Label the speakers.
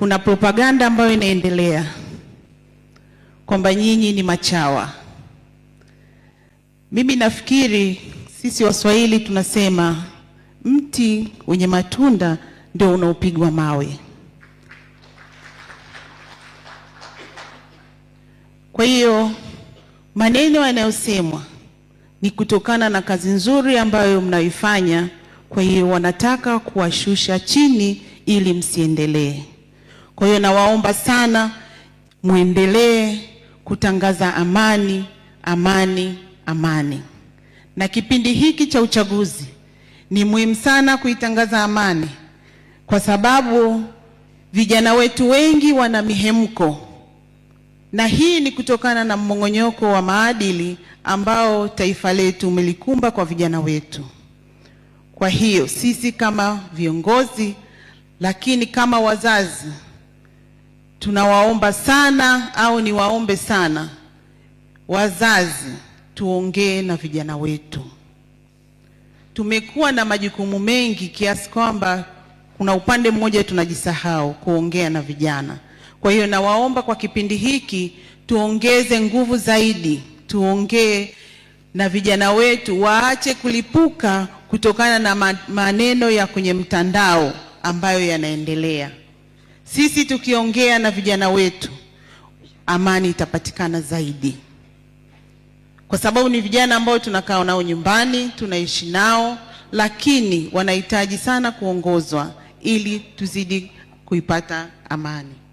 Speaker 1: kuna propaganda ambayo inaendelea kwamba nyinyi ni machawa. Mimi nafikiri sisi Waswahili tunasema mti wenye matunda ndio unaopigwa mawe. Kwa hiyo maneno yanayosemwa ni kutokana na kazi nzuri ambayo mnaifanya, kwa hiyo wanataka kuwashusha chini ili msiendelee. Kwa hiyo nawaomba sana muendelee kutangaza amani, amani, amani. Na kipindi hiki cha uchaguzi ni muhimu sana kuitangaza amani, kwa sababu vijana wetu wengi wana mihemko, na hii ni kutokana na mmong'onyoko wa maadili ambao taifa letu umelikumba kwa vijana wetu. Kwa hiyo sisi kama viongozi, lakini kama wazazi tunawaomba sana au niwaombe sana wazazi, tuongee na vijana wetu. Tumekuwa na majukumu mengi kiasi kwamba kuna upande mmoja tunajisahau kuongea na vijana. Kwa hiyo nawaomba kwa kipindi hiki tuongeze nguvu zaidi, tuongee na vijana wetu waache kulipuka kutokana na maneno ya kwenye mtandao ambayo yanaendelea. Sisi tukiongea na vijana wetu, amani itapatikana zaidi, kwa sababu ni vijana ambao tunakaa nao nyumbani, tunaishi nao, lakini wanahitaji sana kuongozwa ili tuzidi kuipata amani.